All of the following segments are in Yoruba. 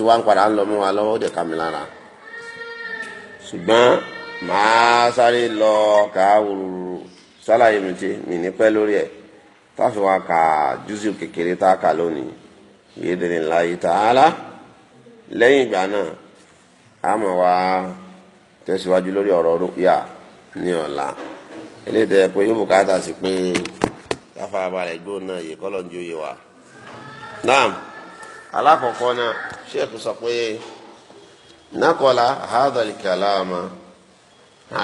tí wọ́n padà ń lọ mú wa lọ́wọ́ ó dẹ̀ ká mi lára màá sáré lọ ká wúrúwúrú sálàyé mi ti mi ní pẹ́ lórí ẹ̀ táfi wá ka júùsù kékeré tá a kà lónìí yédèrè ńlá yìí tààlà lẹ́yìn ìgbà náà a mọ̀ wá ọrọ lórí ọ̀rọ̀ rúkìá ní ọ̀la eléyìí tẹ̀ pé yóò bùkátà sí pé balẹ̀ yìí yìí náà. alákọ̀ọ́kọ́ náà sheikh sọ pé nakola hadhal kalama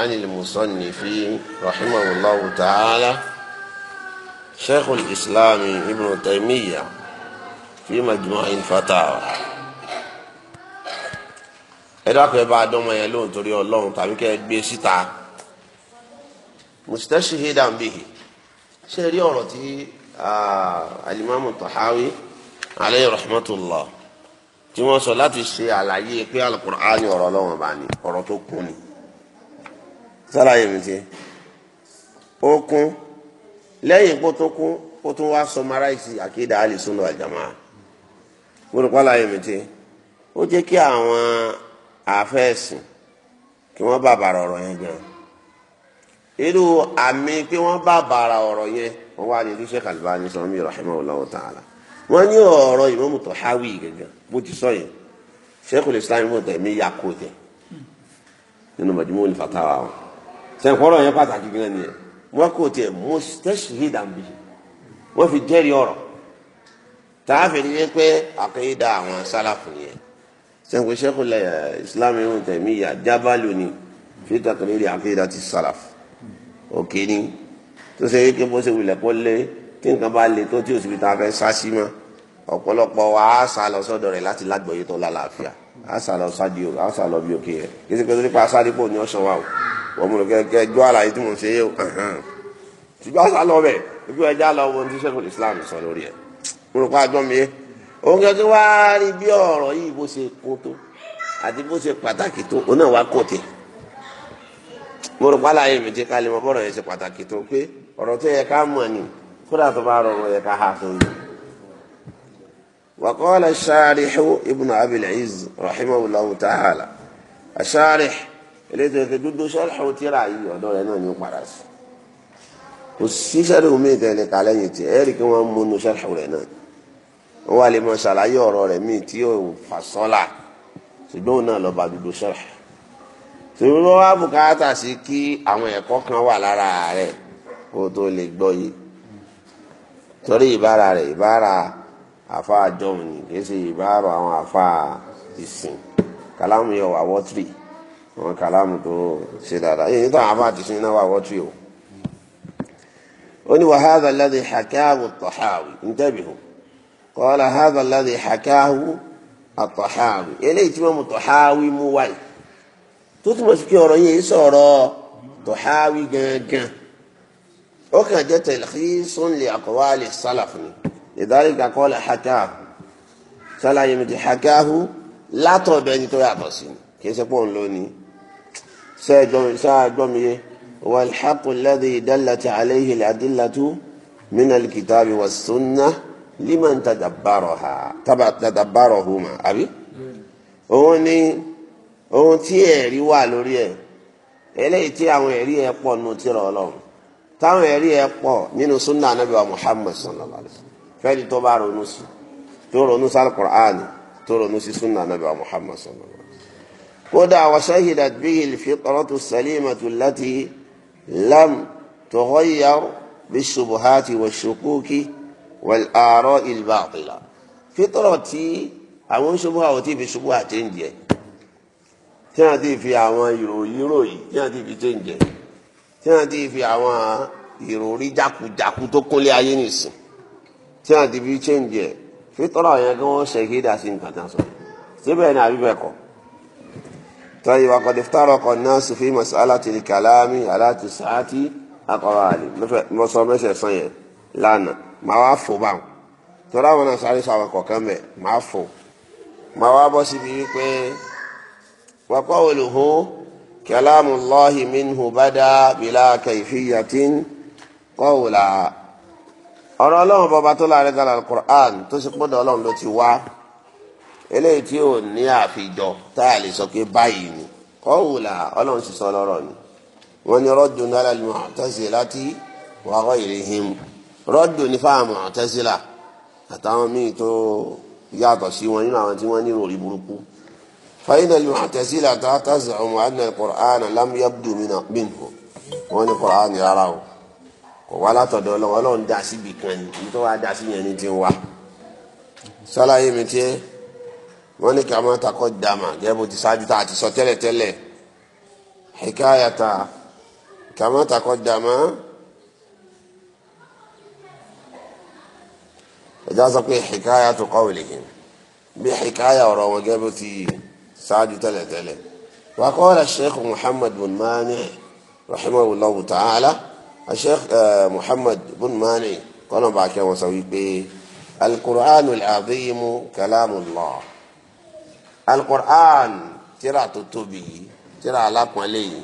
anil musannifi rahimahullahu ta'ala sheikh al-islam ibn taymiya fi majmu'in fatawa ẹ dákun ẹ bá dọ́mọ yẹn lóhùn torí ọlọ́run tàbí kẹ́ ẹ gbé síta mustashhidan bihi ṣe rí ọ̀rọ̀ tí ah, alimami tahawi aleyhi rahmatullah tí wọ́n sọ láti ṣe àlàyé pé alukur'an ni ọ̀rọ̀ Ọlọ́run bá ní ọ̀rọ̀ tó kún ni sálàyé mi ti ó kún lẹ́yìn kó tó kún kó tó wá sọmaráìsì àkídà alìsúnú àjàmá gbọ́dọ̀pọ̀ láyé mi ti ó jẹ́ kí àwọn àfẹ́ẹ̀sìn kí wọ́n bàbàrà ọ̀rọ̀ yẹn gan irú àmì pé wọ́n bàbàrà ọ̀rọ̀ yẹn wọ́n wá ní iléeṣẹ́ kàlùbá ní sọ́nmi rahimahullahu ta'ala wọ́n ní ọ̀rọ̀ ìmọ̀mù tó háwì gẹ́gẹ́ bó ti sọ yẹn Sheikhul Islam ìmọ̀ tẹ̀mí ya kó tẹ̀ nínú Majmu'ul Fatawa wọn sẹ́ńkọ́rọ̀ yẹn pàtàkì gan ni yẹn wọ́n kó tẹ̀ mustashhidan bihi wọ́n fi jẹ́rìí ọ̀rọ̀ tààfin ni pé àkéyídà àwọn sálàfù yẹn sẹ́ńkọ́ Sheikhul Islam ìmọ̀ tẹ̀mí ya jábàlù ni fi takriri àkéyídà ti sálàfù òkè ni tó ṣe é ké bó ṣe wulẹ̀ kó lé tí nǹkan bá le tó tí o sì fi tàn fẹ́ sásí mọ́ ọ̀pọ̀lọpọ̀ wa á sá lọ sọ́dọ̀ rẹ̀ láti lágbọ̀ọ́yé tó lálàáfíà á sá lọ sádi o á sá lọ bí òkè yẹn kí sèpé torípa sádìpò ní ọ̀sán wa o wọ́n mú kẹ́kẹ́ jó àlàyé tí mò ń ṣe yé o ṣùgbọ́n á sá lọ bẹ̀ ibi ẹja lọ wo ti sẹ́kùn Islam sọ lórí ẹ̀ mo rò pa àjọ mi yé òun kẹ́kẹ́ wá rí bí ọ̀rọ̀ yìí bó ṣe kó tó àti bó ṣe pàtàkì tó òun náà wá kó tẹ̀ mo rò pa àlàyé mi jẹ́ ká lè bọ́ọ̀rọ̀ yẹn ṣe pàtàkì tó pé ọ̀rọ̀ tó yẹ ká mọ̀ nìyí kuna tumaaro ya ka ha وقال الشارح ابن أبي العز رحمه الله تعالى الشارح A تجدد شرح وتراعي دول أنا نقول kò sí sẹ́rí omi ìtẹ̀lẹ̀ kalẹ̀ yìí tí ẹ̀rí kí wọ́n mú inú sẹ́rí rẹ̀ náà wọ́n wá lè mọ ṣàlàyé ọ̀rọ̀ rẹ̀ míì wọ́n bùkátà sí kí àwọn ẹ̀kọ́ kan wà torí ìbára rẹ̀ ìbára àfa àjọmù ni kì í ṣe ìbára àwọn àfa ìsìn kàlámù yẹ wà wọ́tìrì àwọn kàlámù tó ṣe dáadáa yìí nítorí àfa àtìsìn o. ó ní wàhálà alladhi hakahu at-Tahawi intabihu qala hadha alladhi hakahu at-Tahawi eléyìí tí wọ́n mú Tahawi mú wáyé tó túmọ̀ sí pé ọ̀rọ̀ yẹn sọ̀rọ̀ gangan. ó kàn jẹ́ talkhisun li aqwali salaf ni lidhalika qala hakahu sálàyé mi ti hakahu látọ̀dọ̀ ẹni tó yàtọ̀ sí ni kì í ṣe pọ̀ ń lò ní sáàjọ́ mi yé wal haqqu alladhi dallat alayhi al-adillatu min al-kitabi was-sunnah liman tadabbaraha tadabbarahuma àbí òun ni ohun tí ẹ̀rí wà lórí ẹ̀ eléyìí tí àwọn ẹ̀rí ẹ̀ pọ̀ nù tìrọ̀ ọlọ́run táwọn ẹ̀rí ẹ pọ̀ nínú sunna anabi wa muhammad sallallahu alayhi wa sallam fẹ́ẹ́ni tó bá ronú sí tó ronú sí alukur'ani tó ronú sí sunna anabi wa muhammad sallallahu alayhi wa sallam. kódà wa shahidat bihi alfitratu salimatu allati lam tughayyar bishubuhati wa shukuki wal ara'i al-batila àwọn ṣubú àwọn tí fi ṣubú àti ń jẹ tí wọ́n ti fi àwọn ìròyìn ròyìn tí wọ́n ti fi ṣe ń jẹ tí wọ́n ti fi àwọn ìròrí jákujáku tó kúnlé ayé nìsín tí wọ́n ti fi change ẹ̀ fitọ́lá yẹn kí wọ́n ṣe kí dàsí nǹkan tán sọ síbẹ̀ ni àbí bẹ́ẹ̀ kọ́ tọ́yì wa kọ́ni fitárọ̀kọ̀ náà sì fi masalati kalami aláti sàátì akọ̀wé àlè mọ́sọ mẹ́sẹ̀sán yẹn lánàá màá wá fò báwọn tọ́lá wọn náà sáré sọ àwọn kọ̀ọ̀kan bẹ̀ كلام الله منه بدا بلا كيفية قولا ọ̀rọ̀ ọlọ́run bọba tó láàrin gan alukur'an tó ṣe pọ́dọ̀ ọlọ́run ló ti wá eléyìí tí ò ní àfijọ tá a lè sọ pé báyìí ni kọ́wùlà ọlọ́run sì sọ lọ́rọ̀ ni wọ́n ní rọ́dù náírà lè Mu'tazilati wa ghayrihim rọ́dù ní fáwọn Mu'tazila àtàwọn míì tó yàtọ̀ sí wọn nínú àwọn tí wọ́n ní ròrí burúkú فإن المعتزلة تزعم أن القرآن لم يبدو من منه wọ́n ní Qur'an rárá o kò wá látọ̀dọ̀ ọlọ́wọ́ ọlọ́run dá síbi kan ní nítorí wàá dá sí yẹn ní ti ń wá. sálàyé mi tiẹ́ wọ́n ní kàmá takọ́ dàmà gẹ́gẹ́ bó ti ṣáájú tá a ti sọ tẹ́lẹ̀ tẹ́lẹ̀ hikayata kàmá takọ́ dàmà ẹ̀já sọ pé hikayatu qawlihim bí hikaya ọ̀rọ̀ wọn gẹ́gẹ́ bó ti yìí ṣáájú tẹ́lẹ̀tẹ́lẹ̀ wa qala sheikh muhammad bin mani rahimahullahu ta'ala sheikh eh, muhammad bin mani kọ́nà bá kẹ́ wọn sọ wípé alukur'an al-azim kalamullah alukur'an tíra tó tóbi tíra alákùnrin yìí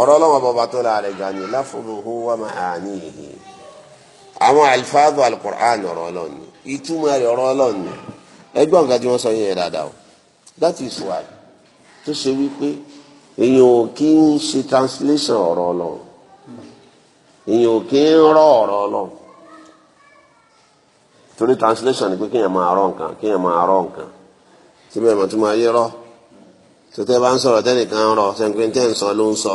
ọ̀rọ̀ ọlọ́wọ́ bọba tó la rẹ̀ gani láfúrúhu wa ma'anihi àwọn alifáàdù alukur'an ọ̀rọ̀ ọlọ́ni ìtumọ̀ rẹ̀ ọ̀rọ̀ ọlọ́ni ẹgbẹ́ nǹkan tí wọ́n sọ yẹn dáadáa o that is why tó ṣe wípé èèyàn ò kí ń ṣe translation ọ̀rọ̀ ọlọ́run èèyàn ò kí ń rọ ọ̀rọ̀ ọlọ́run torí translation ni pé kéèyàn máa rọ nǹkan kéèyàn máa rọ nǹkan síbẹ̀ mọ̀ tó máa yé rọ tó tẹ́ bá ń sọ̀rọ̀ tẹ́nìkan ń rọ sẹ́ńpé tẹ́ ń sọ ló ń sọ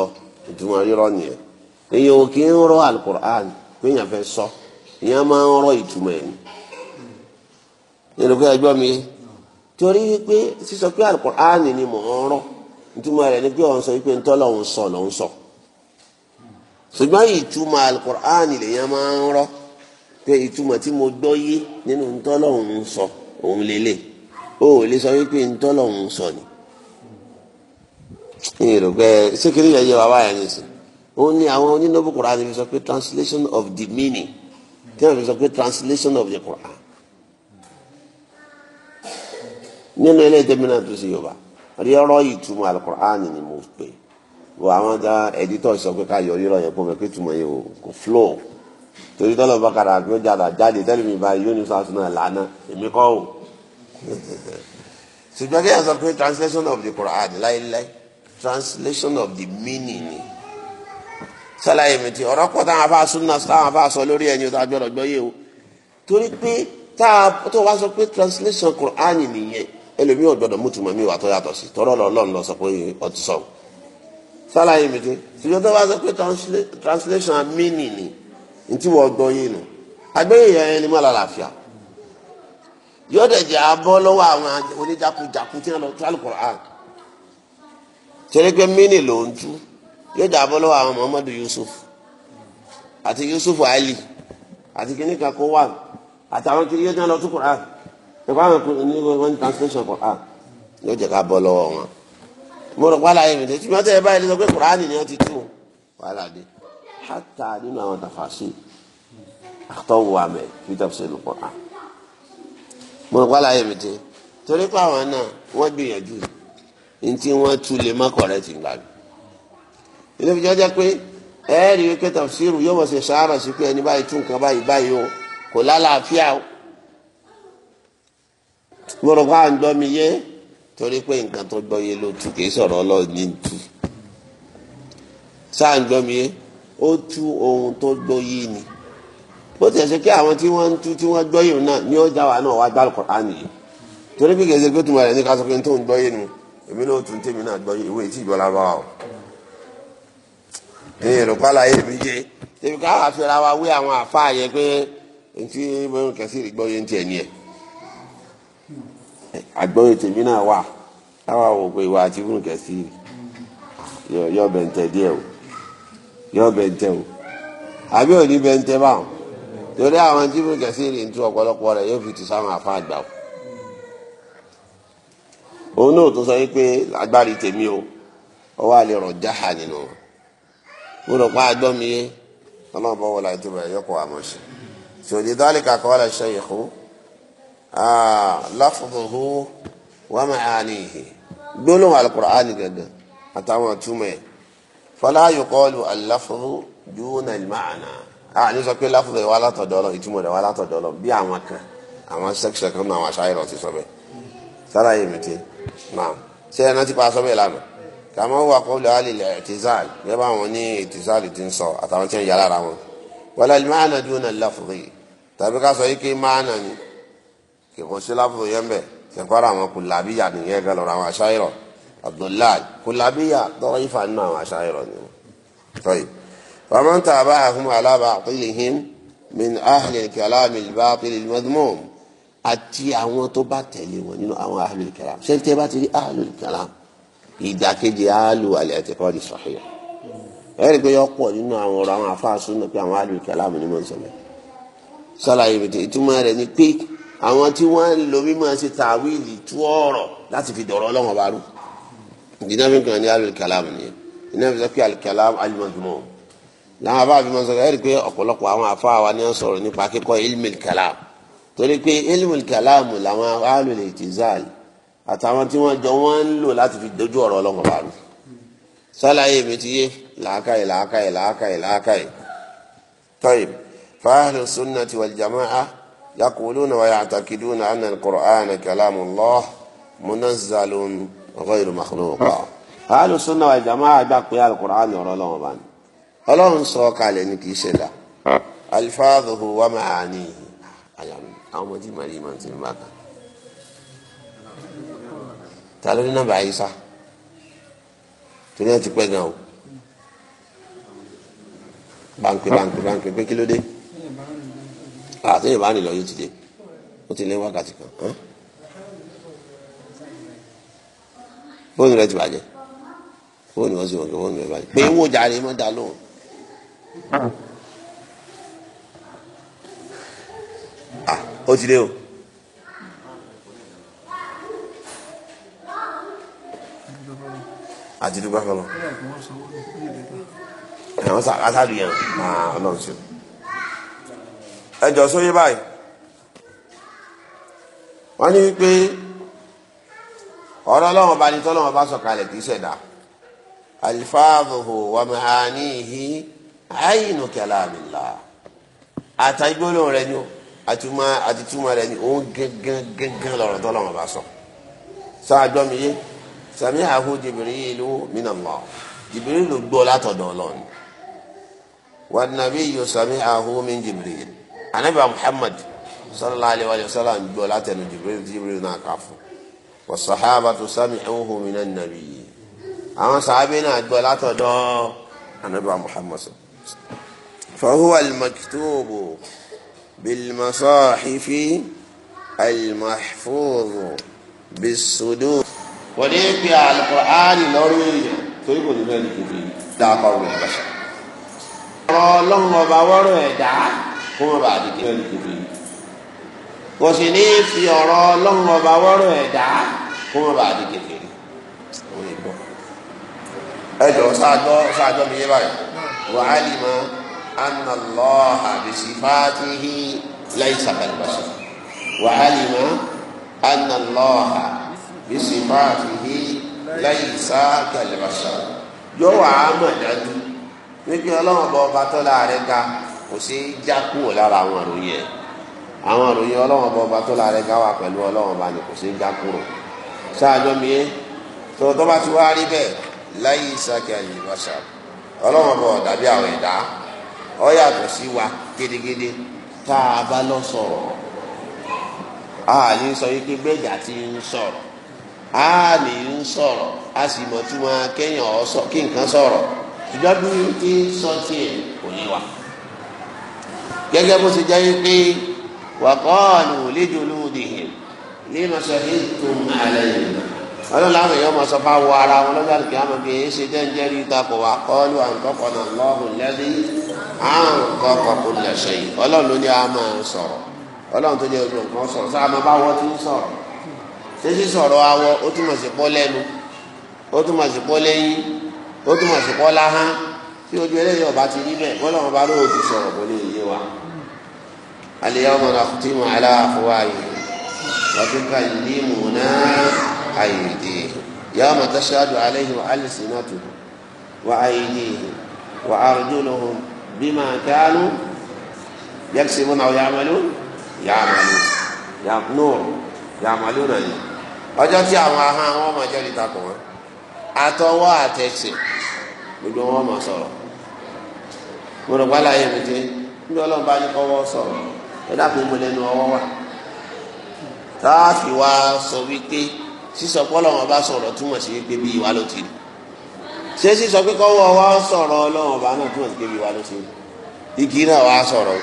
ìtumọ̀ rírọ nìyẹn èèyàn ò kí ń rọ alukur'an kéèyàn fẹ́ sọ èèyàn máa ń rọ ìtumọ̀ ẹ̀ ní. nínú pé ẹgbẹ́ mi torí pé sísọ pé alukur'ani ni mò ń rán ìtumọ̀ rẹ̀ ni pé òun sọ pé ntọ́lọ̀ òun sọ lòun sọ ṣùgbọ́n ìtumọ̀ alukur'ani lèyàn máa ń rán pé ìtumọ̀ tí mo gbọ́ yé nínú ntọ́lọ̀ òun sọ òun lélẹ̀ o ò lè sọ wípé ntọ́lọ̀ òun sọ ni. ní ìrògbẹ́ sékìrì yẹn yẹ wá wáyà ní sùn òun ni àwọn onínàbù Qur'an fi sọ pé translation of the meaning tí wọ́n fi sọ pé translation of the Qur'an. nínú ẹlẹ́tẹ̀mínà tó ṣe yorùbá rírọ́ ìtumọ̀ alukur'ani ni mo pè wọ àwọn ta ẹ̀dítọ̀ sọ pé ká yọ rírọ́ yẹn kó mẹ́ pé túmọ̀ yẹn o kò fúlò torí tọ́lọ̀ bá kàrà àgbẹ̀ jàdà jáde tẹ́lẹ̀ mi bá yóò ní sàtúnà lànà èmi kọ́ o ṣùgbọ́n kí ẹ sọ pé translation of the Quran láíláí translation of the meaning ni sọláyé mi ti ọ̀rọ̀ pọ̀ táwọn afá súnà táwọn afá sọ lórí ẹni tó agbọ́dọ̀ gbọ́ yé o torí pé tó wá sọ pé translation Quran nìyẹn ẹlòmíì ọ̀gbọ́dọ̀ mú tùmọ̀ mi wà tó yàtọ̀ sí tọ́rọ̀ lọ́lọ́run lọ sọ pé ọtí sọ sálàyé mi dé ṣùgbọ́n tó bá sọ pé translation meaning ni ntí wọ́n gbọ́ yìí nù agbẹ́yẹ̀yẹ yẹn ni mọ́ lálàáfíà yóò dẹ̀ jẹ́ abọ́ lọ́wọ́ àwọn oníjàkújàkú tí wọ́n lọ tálù Qur'an torí pé meaning ló ń tú yóò dẹ̀ abọ́ lọ́wọ́ àwọn Muhammadu Yusuf àti Yusuf Ali àti kìnnìkan kó wà àtàwọn kìnnìkan lọ tún Qur'an ẹ̀fọ́ àwọn kò ní wọ́n ní translation kọ̀ á yóò jẹ́ ká bọ́ lọ́wọ́ wọn. mo rò wàhálà yẹn fìdí tí wọ́n tẹ̀ báyìí lọ pé kùránì ni wọ́n ti tú wàhálà dé hátà nínú àwọn tàfàṣì àtọ́wò àmẹ́ fi tafsir al-Qur'an. mo rò wàhálà yẹn fìdí torí pé àwọn náà wọ́n gbìyànjú ní tí wọ́n tú lè má kọ̀rẹ́ ti gbà mí. ilé ìjọ jẹ́ pé ẹ̀ẹ́rì wípé tafsiru yóò mọ̀ ṣe ṣàárọ̀ sí pé ẹni báyìí tún nǹkan báyìí báyìí o kò lálàáfíà o mo rò pa à ń gbọ́ mi yé torí pé nǹkan tó gbọ́ yé ló tu kìí sọ̀rọ̀ ọlọ́run ní tu sáà ń gbọ́ mi yé ó tú ohun tó gbọ́ yé ni bó ti ẹ̀ ṣe kí àwọn tí wọ́n ń tú tí wọ́n gbọ́ yé náà ni ó já wa náà wá gbá Al-Qur'ani yìí torí pé kìí ṣe pé tùmọ̀ rẹ̀ ní ká sọ pé tó ń gbọ́ yé nu èmi náà tún tèmi náà gbọ́ yé ìwé tí ìgbọ́ la bá wa o ní ìrùpá láyé mi yé tèmi ká wà fẹ́ra wa wé àwọn àfáà yẹ pé ntí mo kẹsì ìgbọ́ yé ntí ẹ̀ ní ẹ̀ àgbọ̀yé tèmi náà wà táwa wò pé ìwà àti ìbùnú kẹsì yọ bẹ̀ntẹ̀ díẹ̀ o yọ bẹ̀ntẹ̀ o àbí òní bẹ̀ntẹ̀ báwọn torí àwọn tí ìbùnú kẹsì rìn tú ọpọlọpọ rẹ̀ yóò fi ti sáwọn afá àgbà o òun náà tó sọ yìí pé o ọwọ́ àlè rọ̀ jáhà nínú wọn mo rò pé agbọ́n mi yé ọlọ́run bọ́ wọlé àti yọkọ̀ àmọ́ láfọ̀fọ̀hó wà máa ní ìhè gbólóhùn alukur'ani gẹ̀gẹ̀ àtàwọn àtúmọ̀ ẹ̀ fọlá yòkọ́lù aláfọ̀hó dúnà ìmáàna àní sọ pé láfọ̀fọ̀ wà látọ̀dọ̀ lọ ìtumọ̀ rẹ̀ wà látọ̀dọ̀ lọ bí àwọn kan àwọn sẹ́kṣẹ̀ kan náà àwọn aṣáájú rọ̀ ti sọ bẹ́ẹ̀ sára yìí mi ti náà ṣé ẹ̀ náà ti pa aṣọ bẹ́ẹ̀ lánàá kàmá wà kọ́bùlẹ̀ wà lílẹ̀ ẹ̀tìzáàlì yẹ́n bá wọn ní ẹ̀tìzáàlì ti ń sọ àtàwọn tí wọ́n yára ara wọn wọlé ìmáàna dúnà láfọ̀fọ̀ yìí tàbí ká sọ yìí kí máàna ni ìkọsí láfù yẹn bẹ sẹpárà àwọn kùlàbíyà nìyẹn gan lọ́rọ̀ àwọn aṣáyẹrọ abdullahi kùlàbíyà tọrọ ifá nínú àwọn aṣáyẹrọ ni wọn. tọ́yì faman tabaahum ala baatilihim min ahli kalami al-batil al-madmum àti àwọn tó bá tẹ̀lé wọn nínú àwọn ahli kalam ṣé tẹ́ bá ti rí ahli kalam ìdàkejì ahli al-i'tiqadi sahih ẹ̀rí pé yọ nínú àwọn ọ̀rọ̀ àwọn afáàsùn náà pé àwọn ahli kalam ni wọ́n sọ̀rọ̀ sọ́la àwọn tí wọ́n ń lo mímọ́ ṣe tàwíìlì tú ọ̀rọ̀ láti fi dọ̀rọ̀ ọlọ́wọ́n bá rú ìdíná fi kàn ní alikalam nìyẹn ìdíná fi sọ pé alikalam alimọ̀jùmọ̀ làwọn afá fi mọ sọ ẹ́ rí i pé ọ̀pọ̀lọpọ̀ àwọn afá wa ni wọ́n sọ̀rọ̀ nípa kíkọ́ ilmil torí pé ilmil kalam làwọn alul itizal àtàwọn tí wọ́n jọ wọ́n ń lò láti fi dojú ọ̀rọ̀ ọlọ́wọ́n bá rú sálàyé mi ti yé làákàyè làákàyè làákàyè làákàyè tayib fáhàlù sunnati wal jama'a يقولون ويعتقدون أن القرآن كلام الله منزل غير مخلوق أهل السنة والجماعة gbà القرآن ọ̀rọ̀ Ọlọ́run bá ní Ọlọ́run sọ kalẹ̀ ní kì í ṣe là alifáàdùhù wà máa ní àyàmì àwọn ọmọdé màrí ìmọ̀ tí ń bá kan ta ló ní nọ́mbà àyíṣà torí ẹ ti pẹ́ gan o báńkì báńkì báńkì pé kí ló dé. Ah, àti yorùbá nílò yóò ti dé ó ti lé wákàtí kan fóònù rẹ ti bàjẹ́ fóònù wọn sì wọn kò fóònù rẹ bàjẹ́ pé wọ́n jàre mọ́ da lóhùn. Ah, ó ti dé o. àti dúpẹ́ kọlọ. àwọn sáà àtàlù yẹn ah, ọlọ́run ṣe ẹjọ sóyè báyìí wọ́n ní wípé ọ̀rọ̀ Ọlọ́run ọba ni tọ́lọ́run ọba sọ̀kalẹ̀ kì í ṣẹ̀dá alifáàbùhù wàmìhàníhì àyìnú kẹlàmìlà àtàgbélóhùn rẹ̀ ni o àtúmọ̀ àtìtúmọ̀ rẹ̀ ni òun gángan gángan lọ́rọ̀ tọ́lọ́run ọba sọ sáàdọ́miyé sàmì àhó jìbìrìlù mìnàlọ́ jìbìrìlù gbọ́ látọ̀dọ̀ Ọlọ́run wà nàbí yóò sàmì àhó min jìbìrìlù anabi muhammad sallallahu alayhi wa sallam gbọ́ látẹnu jibril jibril náà kà fún wa sahabatu sami'uhu minan nabiyyi àwọn sàábé náà gbọ́ látọ̀dọ̀ anabi muhammad fa huwa al-maktubu bil wọ́n ní pé alukur'ani lọ́rùn èèyàn torí kò ní bẹ́ẹ̀ ní kò fi dáa kọ́ ọ̀rọ̀ ẹ̀ bàṣà. ọ̀rọ̀ ọlọ́run ọba wọ́rọ̀ ẹ̀dá kó má bàa di kílẹ̀ ìkòkò yìí kò sì ní fi ọ̀rọ̀ ọlọ́run ọba wọ́rọ̀ ẹ̀dá kó má bàa di kékeré ẹjọ sáájọ sáájọ mi yé báyìí wà á lè mọ anna Allaha bi sifatihi laysa kal-bashar wà á lè mọ anna Allaha bi sifatihi laysa kal yóò wà á mọ̀ dájú wípé ọlọ́run bọ̀ ọba tó láàrin ká kò sí já kúrò lára àwọn ìròyìn ẹ̀ àwọn ìròyìn ọlọ́wọ́n bá ọba tó lára ẹ̀ka wà pẹ̀lú ọlọ́wọ́n bá ní kò sí já kúrò sáájọ́ mi yé tó tó bá ti wá rí bẹ́ẹ̀ láyé ìsàkè àyèbáṣà ọlọ́wọ́n bá ọ̀dàbí àwọn ẹ̀dá ọ yàtọ̀ sí wa gédégédé tá a bá lọ sọ̀rọ̀ a ní sọ yìí pé gbẹ̀gà ti ń sọ̀rọ̀ a ní ń sọ̀rọ̀ a sì mọ̀ tí wọn kéèyàn kí nǹkan sọ̀rọ̀ ṣùgbọ́n ti sọ tiẹ̀ kò ní wa. gẹ́gẹ́ bó ṣe jẹ́ pé wàkọ́ọ̀lù lẹ́jọ́ lóde lẹ́nu sọ̀rọ̀ tó yìí ọlọ́run ya èèyàn máa sọ fáwọn ara wọn lọ́jọ́ àlùkí àmọ́ bí èyí ṣe jẹ́ ń takò wá kọ́ọ̀lù àǹkọ́kọ̀nà lọ́hùn yìí ọlọ́run ló ní a máa sọ̀rọ̀ ọlọ́run tó jẹ́ ojú nǹkan sọ̀rọ̀ Sọ bá wọ́n ti ń sọ̀rọ̀ sọ̀rọ̀ awọ ó túmọ̀ sí pọ́ lẹ́nu ó túmọ̀ sí pọ́ lẹ́yìn ó túmọ̀ sí pọ́ láhán tí ojú ẹlẹ́yìn ọba ti rí bẹ́ẹ̀ bọ́lá ọba ló ti sọ̀rọ̀ bọ́lá ìyé wa. al-yawma nakhtimu ala afwahihim wa tukallimuna aydihim yawma tashhadu alayhim alsinatuhum wa aydihim wa arjuluhum bima kanu yaksibuna aw ya'malun ya'malun ya'malun ya'malun náà ni ọjọ́ tí àwọn ahọ́n àwọn ọmọ jẹ́rìí takò wọn àtọwọ́ àtẹ̀sẹ̀ gbogbo wọn mọ̀ sọ̀rọ̀ mo rò wá láyé mi jẹ níbi ọlọ́run bá ní kọ́wọ́ sọ̀rọ̀ ẹ dákun mo lẹ́nu ọwọ́ wà tá a fi wá sọ wípé sísọ pé ọlọ́run ọba sọ̀rọ̀ túmọ̀ sí wípé bí ìwà ló ti rí ṣé sísọ pé kọ́wọ́ ọwọ́ sọ̀rọ̀ ọlọ́run ọba náà túmọ̀ sí pé bí ìwà ló ti rí igi náà wàá sọ̀rọ̀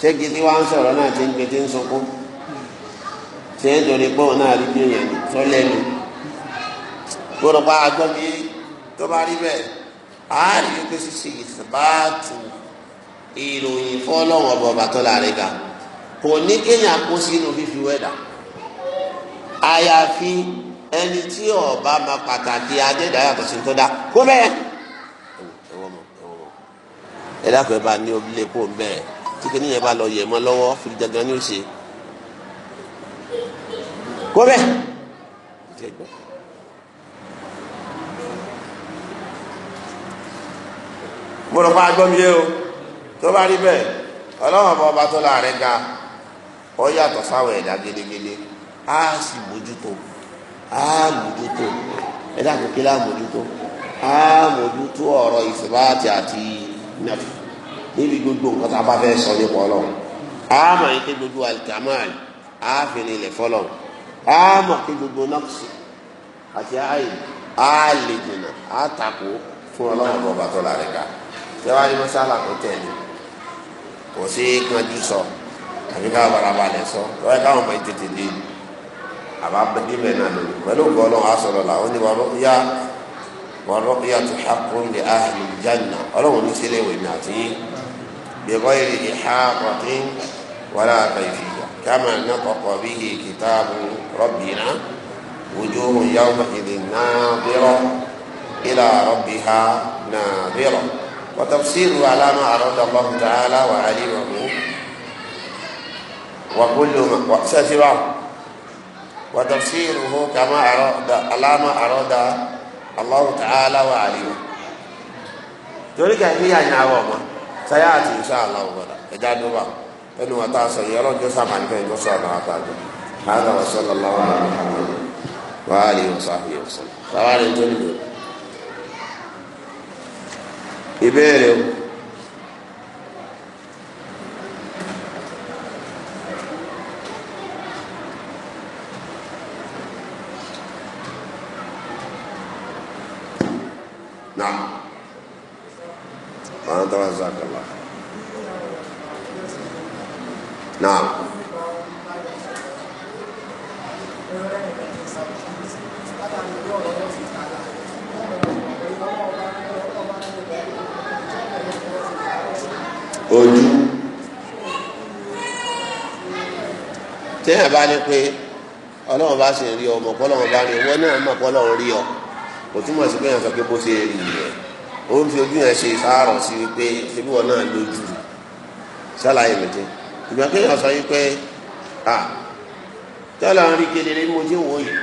ṣé gidi wàá sọ̀rọ̀ náà ti ń gbé tí ń sunkún ṣé ń torí pọ́n náà rí bí èèyàn sọ́lẹ́nu gbọ́dọ̀ pa àgbọ̀n mi tó bá rí bẹ́ẹ̀ àárí pé ṣíṣe ìsìbáàtù ìròyìn fọlọ́wọ́n ọba ọba tó láre ga kò ní kéèyàn kó sínú fífi wẹ́dà àyàfi ẹni tí ọba máa pàtàkì adéda yàtọ̀ sí tó dá kó bẹ́ẹ̀ ẹ dákun ẹ bá ní obilé kó ń bẹ́ẹ̀ tí kìíní yẹn bá lọ yẹ̀ mọ́ lọ́wọ́ fìdí dandan ni ó ṣe kó bẹ́ẹ̀. gbọ́dọ̀ pa agbọ́n yé o tó bá rí bẹ́ẹ̀ ọlọ́run ọba ọba tó láàrin ga ọ yàtọ̀ sáwọn ẹ̀dá gédégédé á sì mójútó á mójútó ẹ̀dá kòkè lá mójútó á mójútó ọ̀rọ̀ ìfìbáàtì àti nàfù níbi gbogbo nǹkan tá a bá fẹ́ sọ nípa ọlọ́run á mọ̀ yín pé gbogbo alikamal á fi ní ilẹ̀ fọlọ́ á mọ̀ pé gbogbo nọ́ọ̀sì àti àyè á lè dènà á takò fún ọlọ́run ọba tó láàrin ga tẹ́wá ní mọ́sálà kò tẹ̀lé kò sí kanjú sọ àbí ká barabalẹ̀ sọ lọ́wọ́ káwọn ọmọ tètè dé àbá níbẹ̀ náà lónìí pẹ̀lú gbọ́dọ̀ wàá sọ̀rọ̀ làwọn ní wàá yá wàá rọ́ọ̀yà tó haqqun li ahli janna ọlọ́run ní sílẹ̀ ìwé mi àti yín bẹ̀rọ̀ èrè ìhà kọ̀tí wàlá kayfiyya kama nataqa bihi kitabu rabbina wujuhun yawma idhin وتفسيره على ما أراد الله تعالى وعلمه وكل ما وتفسيره كما أراد على ما أراد الله تعالى وعلمه ذلك هي نعوما سيأتي إن شاء الله غدا إجادوا إنه وتعصى يرون جسم عن فين جسم هذا وصلى الله على محمد وآله وصحبه وسلم ìbéèrè o. نعم أنت جزاك الله نعم ojú téèyàn bá ní pé ọlọ́run bá sì rí ọmọ kọ́lọ́run bá rí ọwọ́ náà mọ̀ kọ́lọ́run rí ọ kò túmọ̀ sí pé èèyàn sọ pé bó ṣe rí yẹn ó ń fi ojú yẹn ṣe ìsáàrọ̀ sí wípé ṣébí wọn náà lójú ṣàlàyé mi jẹ ìgbà kéèyàn sọ yìí pé à tọ́lá ń rí kedere bí mo ti ń wò yìí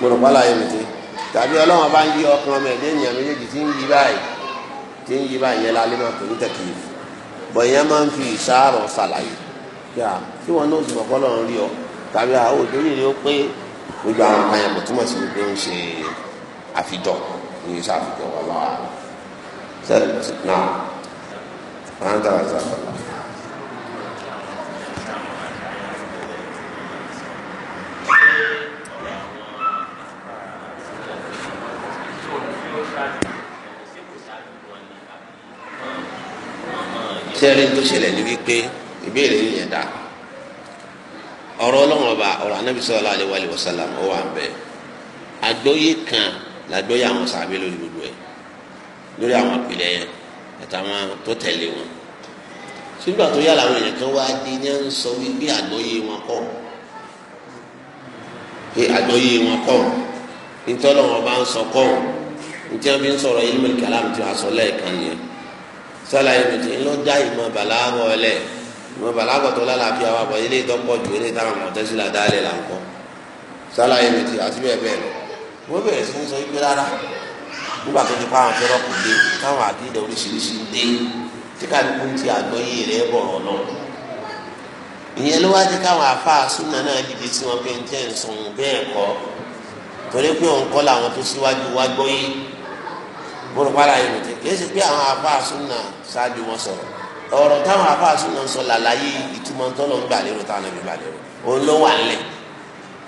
mo rò pálá yẹn mi jẹ tàbí ọlọ́run bá ń yí ọkàn ọmọ ẹ̀dẹ́ ènìyàn méjèèjì ti ń yí báyìí tí ń yí bá yẹn lálé máa pè ní tẹ̀kìlì bọ̀ yẹn máa ń fi ìṣàárọ̀ ṣàlàyé yà tí wọn náà sì mọ̀ kọ́lọ̀ ń rí ọ tàbí àwọn òjòyìn ni ó pé gbogbo àwọn kan yẹn kò túmọ̀ sí wípé ń ṣe àfijọ́ ní iṣẹ́ àfijọ́ wà láwàá sẹ́lẹ̀ náà àwọn ń tàbí àti àfọlá. sẹ́rí tó ṣẹlẹ̀ ní wípé ìbéèrè yìí yẹn dá ọ̀rọ̀ ọlọ́wọ́n ọba ọ̀rọ̀ anábì sallallahu alaihi wa sallam ó wà ń bẹ̀ àgbọ́yé kan làgbọ́yé àwọn sàbẹ̀ lórí gbogbo ẹ̀ lórí àwọn àpilẹ̀ yẹn àtàwọn tó tẹ̀lé wọn sígbà tó yà làwọn èèyàn kan wá dé ní à ń sọ wípé àgbọ́yé wọn kọ́ pé àgbọ́yé wọn kọ́ nítorí wọn bá ń sọ kọ́ nítorí wọn bí ń sọ̀rọ̀ sálàyé mi ti lọ já ìmọ̀ bàlágọ̀ ọlẹ̀ ìmọ̀ bàlágọ̀ tó lálàáfíà wà bọ̀ ilé ìtọ́pọ̀ ju ilé táwọn mọ̀tẹ́sílà dálẹ̀ là ń kọ́ sálàyé mi ti àti bẹ́ẹ̀ bẹ́ẹ̀ lọ wọ́n bẹ̀rẹ̀ sí ń sọ ìgbé rárá nígbà tó ti pa àwọn fẹ́rọ́ kù dé táwọn àdéhùn oríṣiríṣi dé tí kálukú ti àgbọ́yé rẹ̀ bọ̀rọ̀ lọ. ìyẹn ló wá dé káwọn àfáà súnmọ́ náà dìde sí wọn pé ń tẹ́ ń sùn bẹ́ẹ̀ kọ́ torí pé òun kọ́ làwọn tó síwájú wá gbọ́yé. mọ̀rọ̀pára irute e kìí ṣe pé àwọn àfáà súnà ṣáájú ọrụ sọ̀rọ̀ ọ̀rọ̀ afọ àfáà súnà ń sọ làlàyé ìtumọ̀ tọ́lọ̀ ń gbà lérò táwọn ẹbí gbà bụ òun ló wà nílẹ̀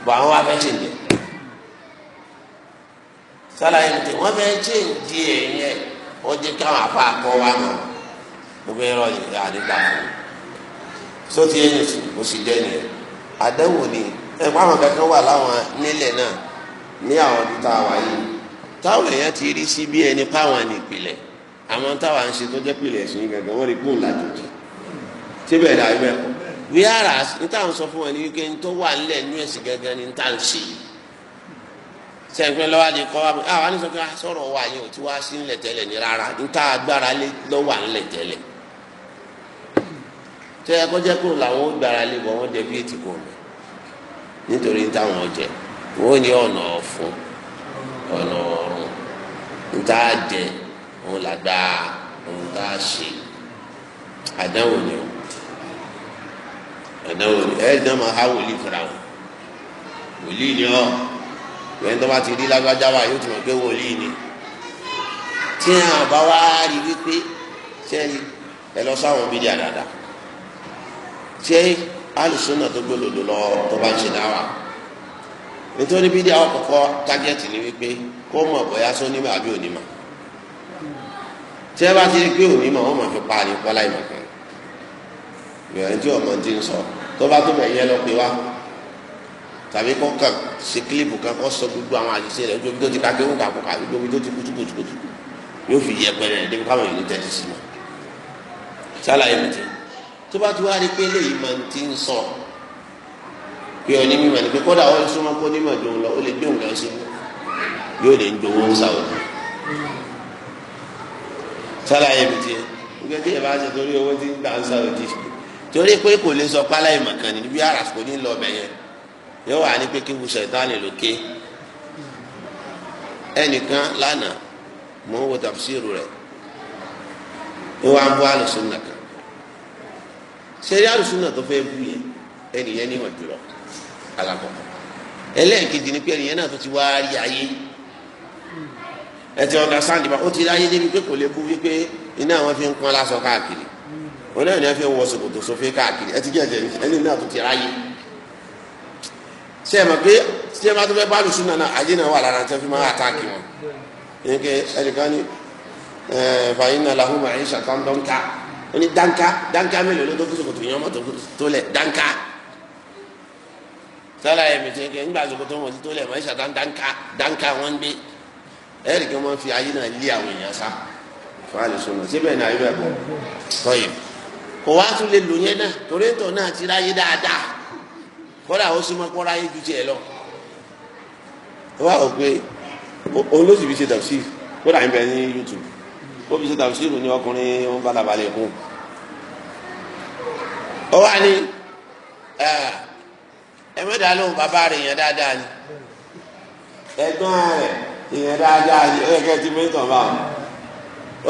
bọ̀ àwọn wá fẹ́ ṣe ń jẹ. sálàyé lòtí wọ́n fẹ́ táwọn èèyàn ti rí sí bí ẹni páwọn nìpìlẹ̀ àwọn táwọn ṣe tó jẹ́ pìlẹ̀ ẹ̀sìn gàgà wọ́n rí kóun làjòjì síbẹ̀ dà bẹ́ẹ̀ kọ́ wíyàrá ní táwọn sọ wà nílẹ̀ ní ní ṣe yìí sẹ́yìnpẹ́ lọ́wọ́ kọ́ ah, sọ̀rọ̀ ò sí nílẹ̀ tẹ́lẹ̀ ní rárá ní tá agbára lé lọ́wọ́ nílẹ̀ tẹ́lẹ̀ ọ̀nà ọ̀run níta jẹ òun làgbà òun tá a ṣe àdánwò ni o àdánwò ni ẹ ẹdán máa há wòlíì fúnra o wòlíì ni ọ ìwé tó bá ti rí lágbájá wa yóò ti mọ̀ pé wòlíì ni tí a bá wá rí wípé ṣé ẹ lọ sáwọn bíi dáadáa ṣé alùsùn náà tó gbólódò lọ tó bá ń ṣe dáwà nítorí bí díà ọkọ̀kọ́ tágẹ́tì ni wípé kó mọ̀ bóyá sọ onímọ̀ àbí onímọ̀ tí ẹ bá ti rí pé onímọ̀ wọn mọ̀ fi pa ni kọ́lá ìmọ̀ ìrìn tí ọmọ ti ń sọ tó bá tó mọ̀ lọ pé wá tàbí kọ́ kàn ṣe kílípù kan kọ́ sọ gbogbo àwọn àṣìṣe rẹ̀ ojú tó ti ká kéwù kà kókà ojú tó ti kutukutukutu yóò fi yẹ pẹrẹ rẹ débi káwọn èèyàn tẹ̀sí sí mọ́ sálàyé mi ti tó bá ti wá rí pé eléyìí pé ọ ní mímọ̀ ní pé kódà ó súnmọ́ kó nímọ̀ jòun lọ ó lè gbé òun lọ sí yóò lè ń jowó ń sàwọ̀dì sálàyé mi tiẹ̀ nígbà tí yẹn bá ṣe torí owó tí ń gbà ń sàwọ̀dì torí pé kò lè sọ pálá ìmọ̀kan ní bí àràsìkò ní lọ bẹ̀yẹn yóò wà ní pé kí wù sẹ̀tánì lókè ẹnìkan lánàá mò ń wo tàfsírù ó wá ń bọ́ àlùsùn nàkan ṣé rí àlùsùn nà tó fẹ́ bú yẹn ẹnìyẹn níwọ̀n jùlọ alakọ̀kọ̀ ẹlẹ́ẹ̀kejì ni pé ẹnìyẹn náà tó ti wá rí ayé ẹ ti ọ̀dà sáǹdì bá ó ti rí ayé débi pé kò lè kú wípé iná àwọn fi ń pọn lásọ káàkiri wọn náà ní wọn fi ń wọ ṣòkòtò sófin káàkiri ẹ ti jẹ́ ẹ̀jẹ̀ ẹni náà tó ti ráyé ṣé ẹ mọ̀ pé ṣé bá tó fẹ́ bá lùsùn náà ayé náà wà lára tí fi máa àtàkì wọn ẹni pé ẹnìkan ní eh, fàyín náà làwọn máa ń ṣàtàn dánká ó ní dánká dánká mélòó sálà yẹn mẹtẹ kẹ nígbà sokoto wọn ti tó lẹ mọ ẹsẹ danka danka wọn gbé ẹrí kí wọn fi ayé náà lé àwọn èèyàn sá fún àlùsọ̀nà síbẹ̀ náà ibẹ̀ bọ̀ tọ́yìn kò wá tún lè lò yẹn náà torí ń tọ̀ náà ti ráyé dáadáa kọ́dà ó súnmọ́ kọ́ ráyé ju tiẹ̀ lọ. wá o pé òun ló sì fi ṣe tafsir kódà ń bẹ ní YouTube ó fi ṣe tafsir ní ọkùnrin ó ń balabalẹ̀ kún. ó wà ní ẹ̀ẹ́ ẹ mẹ́ta lóhùn bàbá rẹ̀ èèyàn dáadáa ni ẹ̀gbọ́n rẹ̀ èèyàn dáadáa ni ó yẹ kẹ́ ẹ ti mú ìtàn bá wọn.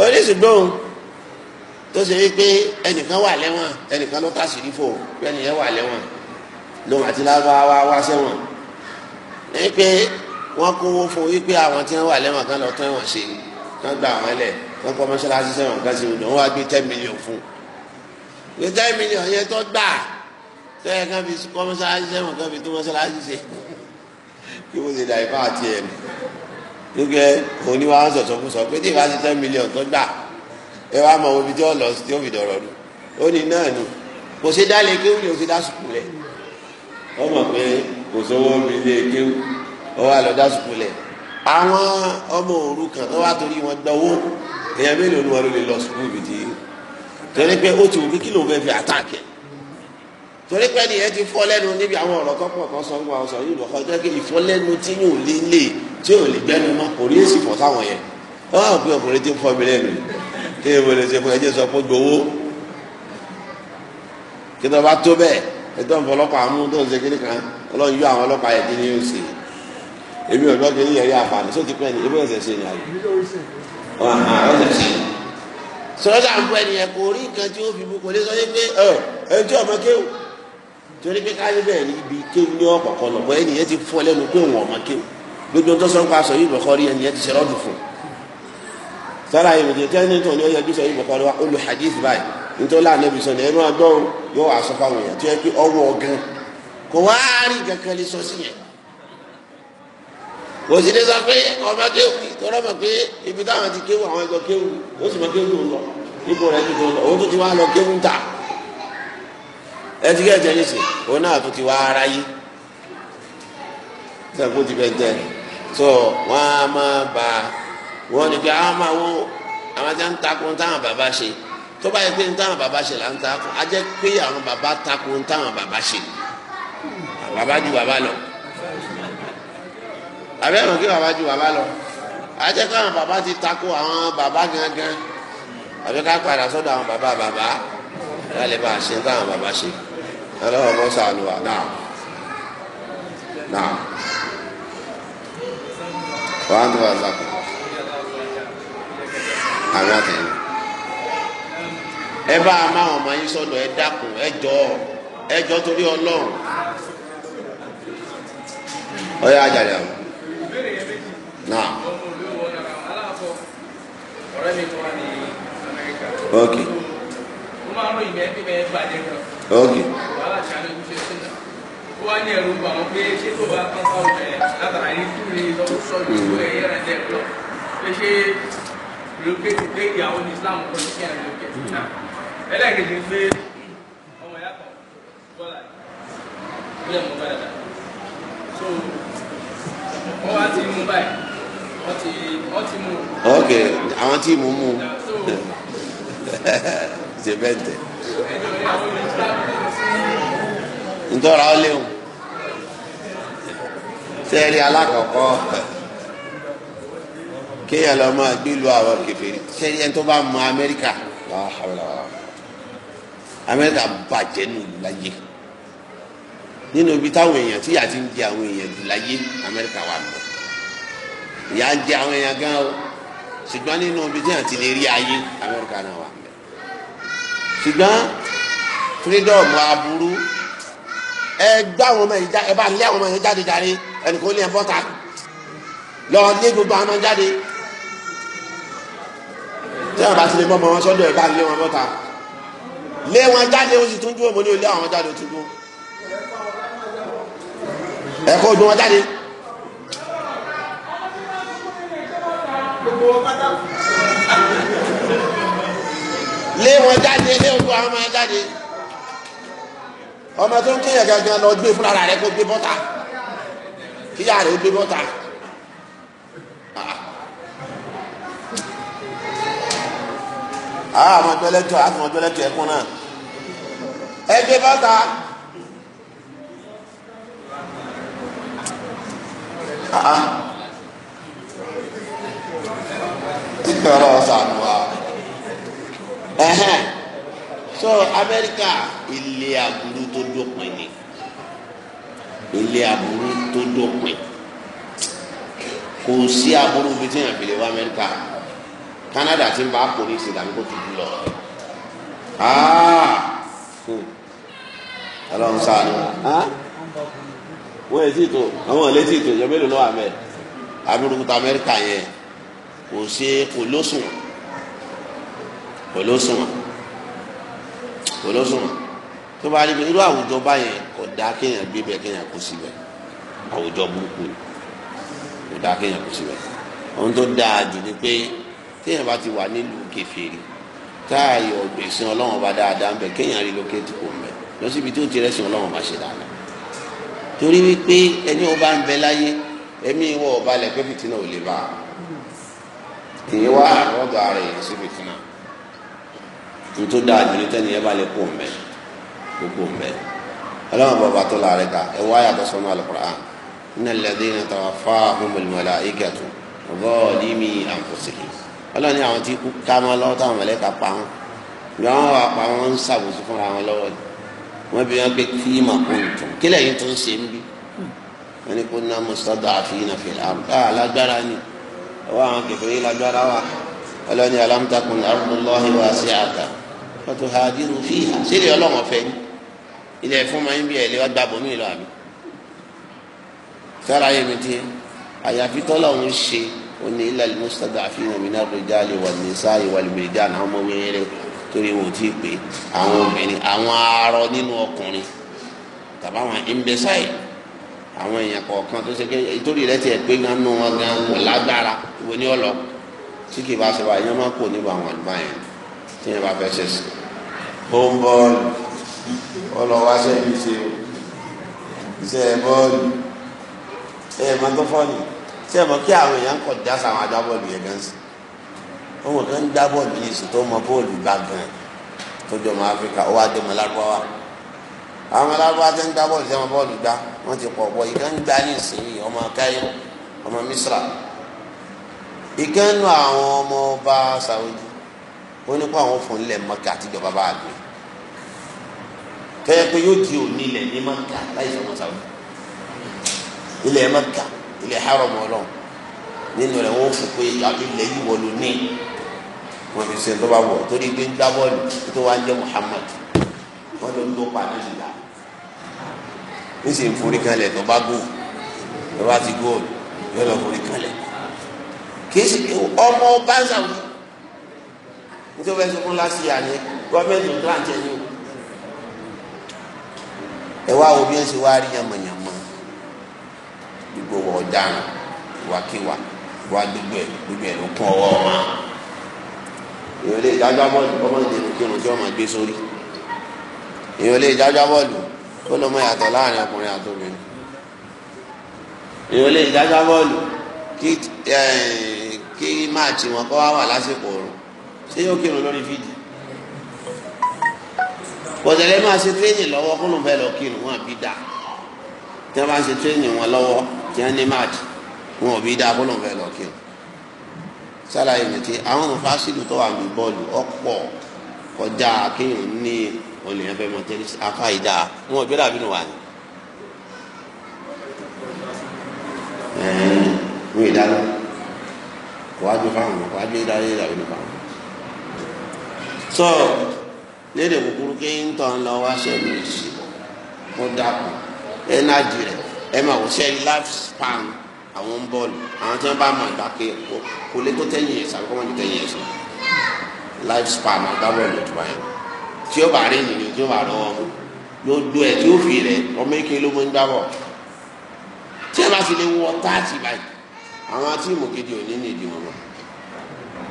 oníṣùgbọ́n tó ṣe wípé ẹnìkan wà lẹ́wọ̀n ẹnìkan ló tà sírí fò pé ẹnìyẹn wà lẹ́wọ̀n lòun àti lábáwá wá sẹ́wọ̀n ní wọ́n kówó fún wípé àwọn tí wọ́n wà lẹ́wọ̀n kan lọ tán ẹ̀wọ̀n ṣe wọ́n gba àwọn ẹlẹ̀ wọ́n kọ́ mọ́ṣáláṣí sẹ́wọ̀n kan sí i wọ́n wá gbé ten million fún un gbé ten million yẹn tó gbà á tẹ́yẹ kan fi kọ́ mọ́sálásí sẹ́wọ̀n kan fi tó mọ́sálásí ṣe kí wọ́n ṣe dàbí fáwọn tiẹ̀ mi. dúkẹ́ oníwà ń sọ̀tọ̀ fún sọ pé tí ìbá ti ten million tó gbà ẹ wá mọ omi tí ó lọ sí tí ó fi dọ̀rọ̀ nù ó ní náà nù kò ṣe dá lé kéwù ni ó ṣe dá sùkúù lẹ̀ ọmọ pé kò sówó mi lé kéwù ó wà lọ dá sùkúù lẹ̀ àwọn ọmọ òrukàn tó wá torí wọn dánwó èèyàn mélòó ni wọn lè lọ sùkúù bìtì torí pé ó ti wù kí kí ló fẹ́ fi àtàkì ẹ̀ torí pé ẹnìyẹn ti fọ́ lẹ́nu níbi àwọn ọ̀rọ̀ kan pọ̀ kan sọ ń gba ọ̀sọ̀ yìí lọ́kọ́ jẹ́ kí ìfọ́lẹ́nu tí yóò lé lè tí yóò lè gbẹ́nu mọ́ kò rí èsì fọ́ sáwọn yẹn wọ́n á bí ọkùnrin tí ń fọ́ mi lẹ́nu kí ni mo lè ṣe fún ẹ jẹ́ sọ fún gbowó kí ni wọ́n bá tó bẹ́ẹ̀ ẹ̀tọ́ ń fọlọ́pàá mú tó ń ṣe kíní kan ọlọ́run yọ àwọn ọlọ́pàá yẹn kí ni yóò ṣe èmi ò lọ́ọ́ kíní yẹn rí àfààní só ti pẹ́ ni ebi ọ̀sẹ̀ ṣe ni àyè sọ́dọ̀ àbúrò ẹnìyẹn kò rí nǹkan tí ó fi bu kò lè sọ yé pé ẹ ẹ tí ọmọ kéwù torí pé káyé bẹ́ẹ̀ ni ibi kéwù ní ọ̀pọ̀kọ lọ bọ́ ẹnìyẹn ti fún ẹlẹ́nu pé òun ọ̀mọ kéwù gbogbo tó sọ́n pa sọ yìí bọ̀kọ́ rí ẹnìyẹn ti ṣe rọ́ọ̀dù fún sára ìròyìn tí ẹni tó ní ọyọ bí sọ yìí bọ̀kọ́ rí wa olù hadith báyìí nítorí láàánú ibi sọ ni ẹnu àgbọ̀ yóò wà sọ fáwọn èèyàn tó yẹ pé ọwọ́ gan kò wá rí kankan lè sọ sí yẹn kò sí ní sọ pé ọmọ kéwù ẹtí kẹ́ ẹ̀ tẹ́lẹ̀ sí òun náà tó ti wá ara yí sẹ́kù ti bẹ̀ tẹ́ so wọ́n á máa bá wọ́n ní pé àwọn máa wo àwọn tí wọ́n ń takun táwọn bàbá ṣe tó bá yẹ pé táwọn bàbá ṣe là ń takun á jẹ́ pé àwọn bàbá takun táwọn bàbá ṣe bàbá ju bàbá lọ àbí àwọn kí bàbá ju bàbá lọ á jẹ́ pé àwọn bàbá ti takun àwọn bàbá gangan àbí ká padà sọ́dọ̀ àwọn bàbá bàbá lálẹ́ bá a ṣe táwọn bàbá ṣe ọlọ́wọ́ bọ́ sànù wa náà náà wàá nù wàá sàkó àwọn àtẹ̀yìn ẹ bá a máa ọmọ yín sọ́dọ̀ ẹ dákun ẹ jọ ẹ jọ torí Ọlọ́run ọyọ ajalẹ o náà ok máa ń ok. ok àwọn tí mú mú ṣe bẹ́ẹ̀ tẹ̀ ntọ́ra ọ léwu sẹ́ẹ̀rí alákọ̀ọ́kọ́ kéèyàn lọ máa gbélu àwọn kèfèrí sẹ́ẹ̀rí ẹni tó bá mọ amẹ́ríkà amẹ́ríkà bàjẹ́ nù láyé nínú ibi táwọn èèyàn tí yàtí ń jẹ àwọn èèyàn jù láyé amẹ́ríkà wà mọ́ ìyà ń jẹ àwọn èèyàn gan o ṣùgbọ́n nínú ibi tí yàtí lè rí ayé amẹ́ríkà náà wà ṣùgbọ́n freedom aburú ẹ gbá àwọn ọmọ yìí já ẹ bá lé àwọn ọmọ yìí jáde jáde ẹnì kò lè bọ́ta lọ lé gbogbo àwọn ọmọ jáde tí wọn bá ti lè mọ ọmọ wọn sọ́dọ̀ ẹ bá lé wọn bọ́ta lé wọn jáde ó sì tún dúró mo ní olé àwọn jáde ó ẹ kó dùn wọn jáde. gbogbo wọn pátá lé wọn jáde lé ojú àwọn máa jáde ọmọ tó ń kéèyàn gangan lọ gbé fúnra rẹ kó gbé bọ́tà kíyà rẹ ó gbé bọ́tà ah, àwọn àwọn ọjọ́lẹ́tọ̀ àwọn ọjọ́lẹ́tọ̀ ẹ̀kún náà ẹ gbé bọ́tà. ìgbẹ́rọ̀ ah, ah. sànù wa so Amẹ́ríkà ilé aburú tó dópin ni ilé aburú tó dópin kò sí aburú bíi tí yàn fi lè wá Amẹ́ríkà Canada ti ń bá polisi dàbí kó tuntun lọ Ọlọ́run sáànù ah! wọn ètí tó àwọn èlétí tó ìjọba èlò lọ́wọ́ amẹ abirùkúta Amẹ́ríkà yẹn kò ṣe kò lóṣùn kò ló sùnmọ̀ kò ló sùnmọ̀ tó bá rí irú àwùjọ báyẹn kò dá kéèyàn gbé bẹ́ẹ̀ kéèyàn kú síbẹ̀ àwùjọ burúkú ni kò dá kéèyàn kú síbẹ̀ ohun tó dáa jù ni pé téèyàn bá ti wà nílùú kẹfìrì táàyò ọ̀gbẹ̀sìn ọlọ́run ọba dáadáa ń bẹ kéèyàn rí lókèétì kò mẹ lọ síbi tó ti rẹ́sìn ọlọ́run ọba ṣe dáadáa torí wípé ẹni ọba ń bẹ láyé ẹmí ìwọ ọba lẹ pé fìtínà ò lè bá èyí wá àrọ́dọ̀ ara èyí sí fìtínà ní tó dáa jù ní tẹ́ni ẹ bá lè kó mbẹ kó kó mbẹ ọlọ́run bàbá tó láàrin ká ẹ wáyà tó sọnù alukur'an innal ladhina tawaffahumul malaikatu zalimi anfusihim ọlọ́run ní àwọn tí kú ká máa lọ́wọ́ táwọn mọ̀lẹ́ka pa wọn bí wọ́n wà pa wọn ń ṣàbòsí fúnra wọn lọ́wọ́ ni wọ́n bí wọ́n gbé fíìmà kuntum kílẹ̀ yìí tó ń ṣe ń bí wọ́n ní kunna mustad'afina fil ard alágbára ah, ni ọwọ́ àwọn kẹfẹ́ yìí lágbára wa ọlọ́run ní alam takun ardullahi wasi'atan wọ́tò hàdírù fíhà sílẹ̀ ọlọ́run ọ̀fẹ́ ni ilẹ̀ fún ma ń bí ẹ̀ lé wá gbàgbọ́ mi lọ àbí sára yẹn mi ti àyàfi tọ́lọ́run ṣe oní ilẹ̀ mustada'afina minar rijali wan nisa'i wal wildan àwọn ọmọ wẹ́rẹ́ torí wọn ò tí ì pé àwọn obìnrin àwọn arọ nínú ọkùnrin tàbí àwọn ìmbẹ́sáì àwọn èèyàn kọ̀ọ̀kan tó ṣe pé ìtòrí rẹ ti ẹ̀ pé ganu wọn lágbára ìwé ní ọlọ tí kì í bá ṣe wà yẹn máa kó níbo àwọn àlùbáyẹn tí yẹn bá fẹ́ ṣe sí home ball ọlọ́wáṣẹ́ yìí ṣe o iṣẹ́ bọ́ọ̀lù ẹ ẹ̀ máa tó fọ́ọ̀lù ṣé ẹ mọ̀ kí àwọn èèyàn kọ̀ já sáwọn agbábọ́ọ̀lù yẹn gan sí ọmọ kan ń gbá bọ́ọ̀lù yìí sì tó mọ bọ́ọ̀lù gbà gan tó jọ ọmọ Áfíríkà ó wá dé ọmọ àwọn ọmọ lárúbáwá ti ń gbá bọ́ọ̀lù sí ọmọ bọ́ọ̀lù gbá ti pọ̀ pọ̀ ìkan ń gbá ní ìsinyìí ọmọ Káírò ọmọ Misra ìkan àwọn ọmọ ọba Saudi ó ní kó àwọn fún ilẹ̀ mọ́kà àtijọba bá a gbé tẹ́yẹ pé yóò di òní ilẹ̀ ní mọ́kà láì sọ wọn sáwọn ilẹ̀ mọ́kà ilẹ̀ haram ọlọ́run nínú rẹ̀ wọ́n fún pé ilẹ̀ yìí wọ́n lò ní wọn fi ṣe tó bá wọ̀ torí pé ń gbá bọ́ọ̀lù tó wá ń jẹ́ Muhammad wọn ló ń tó pàdé ìlà níṣẹ́ ìforí kanlẹ̀ tó bá gò tó bá ti gò yóò lọ forí kanlẹ̀ kì ọmọ bá ń sàwọn nítorí wọ́n fẹ́ sunkún láti yà ni gọ́ọ̀mẹ̀ntì ń plant ẹ̀ ní o. ẹ wá wo bí ẹ ṣe wá rí yànmọ̀yànmọ̀ gbogbo wọ̀ ọ̀daràn ìwàkiwà wá gbogbo ẹ̀ gbogbo ẹ̀ ló kún ọwọ́ wọn. èèyàn lè dájọ́ bọ́ọ̀lù ọmọ ìdèrò kírun tí ọmọ gbé sórí. èèyàn lè dájọ́ bọ́ọ̀lù kó lọ́mọ yàtọ̀ láàrin ọkùnrin àtòbìnrin. èèyàn lè dájọ́ bọ́ọ̀lù kí máàtì wọn kọ́ wá wà lásìkò ṣé yóò kírun lórí kọtẹlẹ máa ṣe lọ́wọ́ kó ló lọ wọn dà tí wọ́n bá ṣe wọn lọ́wọ́ tí wọ́n ní wọn bí dà kó ló fẹ́ lọ kírun sálàyé mi ti àwọn bọ́ọ̀lù ọ̀pọ̀ kọjá ní afa ìdá wọn wà ní. ẹ̀ẹ́n fáwọn so léde kúkúrú kí n tọ́ ń lọ wá sẹ́nu ìsì mo dàpọ̀ ẹnájì rẹ̀ ẹ máa wò sẹ́ni life span àwọn ń bọ́ọ̀lù àwọn tí wọ́n bá máa gbà pé kò lè tó tẹ̀yìn ẹ̀ sàbí kọ́ máa ju tẹ̀yìn life span agbábọ́ọ̀lù tó báyìí tí ó bá rí nìyí tí ó bá lọ́wọ́ mu yóò do ẹ̀ tí ó fi rẹ̀ ọmọ èké ló mọ̀ ń gbábọ̀ tí ẹ bá fi lè wọ táàtì báyìí àwọn tíìmù kejì ò nìdí wọn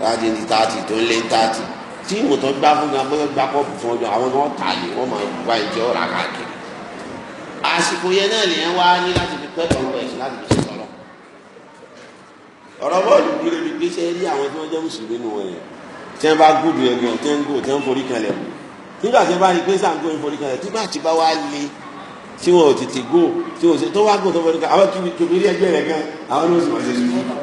láti ní táàtì tó ń lé táàtì tí ìwòtọ́ gbá fún gan bóyá gbá kọ́ọ̀pù fún ọjọ́ àwọn náà tà ní wọ́n máa gba ìjẹ́ ọ̀rá káàkiri àsìkò yẹn náà lèyẹn wá ní láti fi pẹ́ tọ́lọ́ ẹ̀sìn láti fi ṣètò ọ̀rọ̀ bọ́ọ̀lù dúró ibi pé ṣe rí àwọn tí wọ́n jẹ́ mùsùlùmí nù wọ̀nyẹn tí wọ́n bá gùdù ẹ̀ gan tí wọ́n forí kanlẹ̀ kù nígbà tí wọ́n bá rí pé sàǹgó ń forí kanlẹ̀ tí bá ti bá wá le tí wọ́n ò tètè gò tí wọ́n ò tó wá gò tó forí kanlẹ̀ àwọn kìbìrì ẹgbẹ́ rẹ̀ gan àwọn ló sì wọ́n ṣe sùn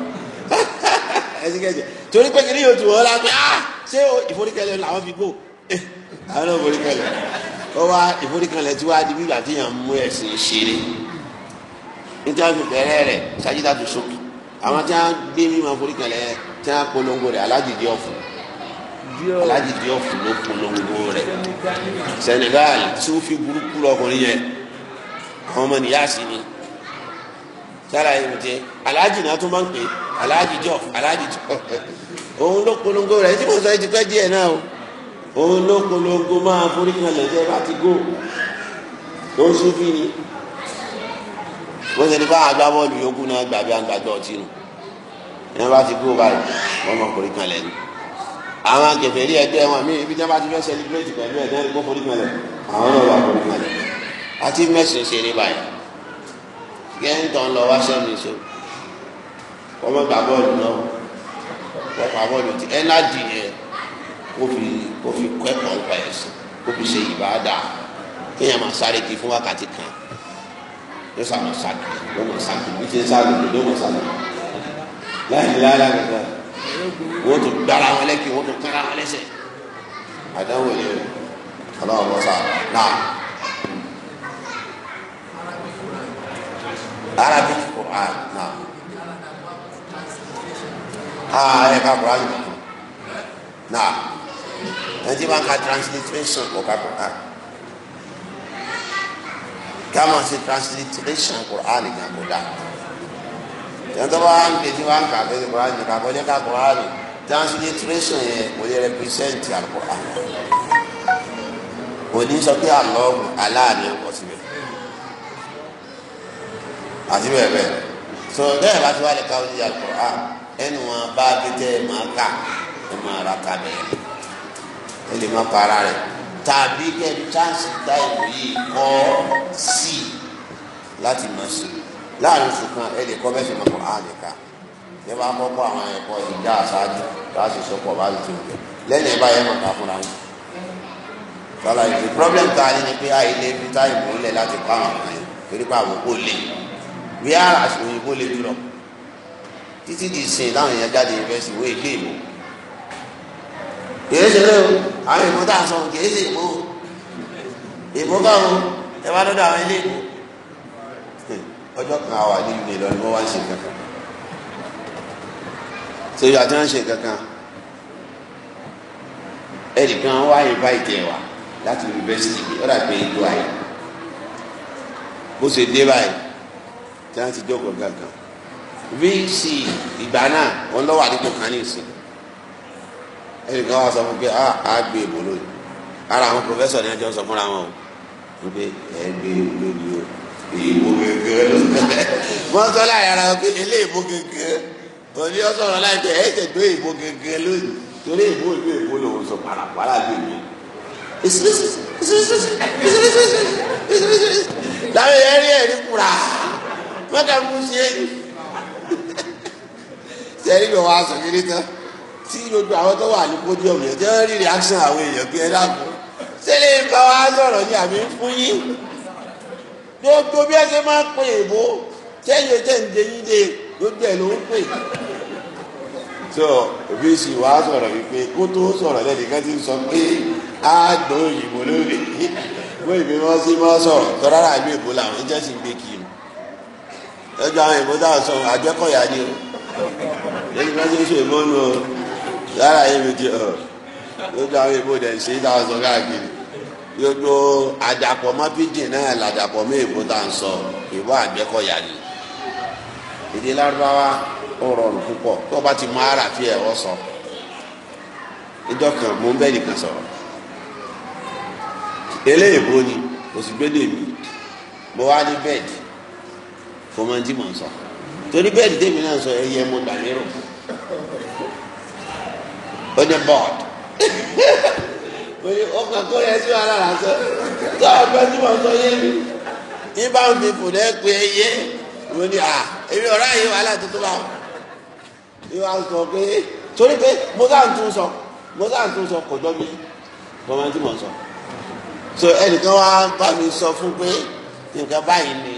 ẹsìkẹsì torí pé kìnìún yóò tù ọ́ la pé ah ṣé ìforíkẹlẹ làwọn fi gbó eh, àwọn ìforíkẹlẹ ó wá ìforíkẹlẹ tí wàá di bí ìgbà yàn mú ẹsìn ṣeré nítorí wọn bẹ̀rẹ̀ rẹ̀ sajida tó sókè àwọn tí wọn gbé mímọ ìforíkẹlẹ tí wọn polongo rẹ̀ alájìdí ọ̀fun alájìdí ọ̀fun ló polongo rẹ̀ Senegal tí wọn fi burúkú lọkùnrin yẹn ọmọ nìyá sí ni sára mi tẹ́ aláàjì náà tún máa ń pè é aláàjì jọ aláàjì jọ òun ló polongo rẹ̀ tí mo sọ yìí ti pẹ́ díẹ̀ náà o òun ló polongo máa forí kan lẹ́jẹ́ bá ti gò tó ń sún fún ni wọ́n ṣe ní bá àgbá bọ́ọ̀lù yòókù náà gbàgbé àgbàgbọ́ ọtí nù ní bá ti gò báyìí wọ́n mọ̀ forí kan lẹ́nu àwọn kèfèrí ẹgbẹ́ wọn mi ibi tí wọ́n bá ti fẹ́ sẹlẹbírẹtì pẹ̀lú ẹgbẹ́ rẹ kó forí kan lẹ̀ àwọn náà wà forí kan lẹ̀ àti mẹsìn ṣe ní báyìí gẹ́ńtọ̀ lọ wá sẹ́mi ṣòwò wọ́n mọ̀ gbà bọ́ọ̀lù náà wọ́n pa bọ́ọ̀lù tí ẹ́nàjì yẹn kó fi kó fi kọ́ ẹ̀kọ́ nípa ẹ̀sìn kó fi ṣe ìbáadà kéèyàn máa sáré kí fún wákàtí kan yóò sá máa sá kí yóò máa sá kí bí ti ń sá lòdì yóò máa sá lòdì láì lára kankan wọ́n tún gbára wọn lẹ́kì wọ́n tún kára wọn lẹ́sẹ̀ àdáwọ̀ yẹn ọlọ́run bọ́ sáà náà. Arabic Quran now aa ah, ẹ ká kura yìí na ẹnití wọn ka transliteration kọ ká kura káwọn ṣe transliteration kura ni kan kò dá tẹ̀sán bá ń pè tí wọn kà pé kura ni ká kọjá ká kura ni transliteration yẹn kò lè represent alukura kò ní sọ pé alọ́ọ̀gù aláàánú ẹ̀kọ́ síbẹ̀ àti bẹ́ẹ̀ bẹ́ẹ̀ so bẹ́ẹ̀ bá ti wá lè ka ojú alukura ẹnu wọn bá tètè máa kà ẹ máa ra ká bẹ́ẹ̀ ẹ lè má para rẹ̀ tàbí kẹ́ chance táìmù yìí kọ́ sí láti máa ṣe láàrin oṣù ẹ lè kọ́ bẹ́ẹ̀ ṣe máa kọ́ àlè ká ẹ bá kọ́kọ́ àwọn ẹ̀kọ́ ìjà àṣáájú láti sọ́kọ̀ bá ti jẹ lẹ́nu ẹ̀ bá yẹ máa fúnra yín tọ́lá ìlú problem ta ni pé àìlè fi táìmù lẹ̀ láti kọ́ àwọn ọmọ yẹn torí pé àwọn kò lè bí ara òyìnbó lè dúró títí di sìn láwọn èèyàn jáde yunifásitì wọ́n èlé ìmọ̀ kìí ṣe lóo àwọn ìmọ̀ tá a sọ kìí ṣe ìmọ̀ ìmọ̀ báwo ẹ wá lọ́dọ̀ àwọn ilé ìmọ̀ ọjọ́ kan àwọn àdéhùn ní Ìlọrin wọ́n wá ń ṣe kankan ṣe ìyá tí ń ṣe kankan ẹnìkan wá invite ẹ wá láti yunifásitì bí ọ̀dà pé ìlú ayé bó ṣe dé báyìí tí wọ́n ti jókòó kankan vc ìgbà náà òun lọ́wọ́ àdìpọ̀ kan ní ìsìn ẹnìkan wá sọ fún pé ah, a gbé èbó lónìí ara àwọn pòfẹ́sọ̀ ní ẹjọ́ sọ fúnra wọn o wọ́n pé ẹ gbé èbó lónìí o èbó gẹ́gẹ́ wọ́n sọ láyé ara wọn pé ilé èbó gẹ́gẹ́ òní ọ sọ̀rọ̀ láìpẹ́ ẹ jẹ̀ gbé èbó gẹ́gẹ́ lónìí torí èbó ìlú èbó lòun sọ pàràpàrà gbé mi dáwé ẹ rí ẹ rí kura mọ́tà kú sí ẹ tẹ́rí bẹ̀ wá sọ kiri tán tí gbogbo àwọn tó wà ní podium yẹn jẹ́ rí reaction àwọn èèyàn pé ẹ dàgbọ́ sẹ́lẹ̀ ń bá wa sọ̀rọ̀ ní àmì fún yín gbogbo bí ẹ ṣe máa ń pè é bó sẹ́yìn ẹ̀jẹ̀ ń de yín de gbogbo ẹ̀ ló ń pè. tó òbí sì wá sọ̀rọ̀ wípé kó tó sọ̀rọ̀ lẹ́nìkan ti sọ pé á gbọ́ òyìnbó lórí bó ìbí wọn sí wọn sọ̀rọ̀ tọ́lára ìlú èbó làwọn ẹ̀jẹ̀ sì ń gbé kiri ẹjọ́ àwọn èbó táwọn sọ àjẹkọ̀yà yẹ́nì bá ṣe ń ṣe mọ́nu ọ yàrá yẹn mi ti ọ lójú àwọn èèbò dẹ̀ ṣe é dáhùn sọ káàkiri lójú àdàpọ̀ mọ́ pidgin náà làdàpọ̀ mọ́ èèbò tá à ń sọ èèbò àgbẹ̀kọ̀yà ni èdè lárúbáwá ó rọrùn púpọ̀ tó o bá ti mọ ara fi ẹ̀rọ sọ ìjọ kan mò ń bẹ́ nìkan sọ̀rọ̀ eléyìnbó ni kò sì gbé dèmí mo wá ní bẹ́ẹ̀dì kò mọ ń sọ torí bẹ́ẹ̀ dídé mi náà sọ ẹyẹ mo gbà lérò ó ní bọ́ọ̀d mo ní ọkàn kó yẹ sí wàhálà lásán tó àgbẹ̀ tí mo sọ yé mi ibà ń fi fòdẹ́ pé ẹyẹ mo ní à èmi ọ̀rá yìí wàhálà tuntun bá ìwà sọ pé torí pé mo sáà ń tún sọ mo sáà ń tún sọ kò jọ mi bọ́mọ tí mo sọ so ẹnìkan wá bá mi sọ fún pé nǹkan báyìí ni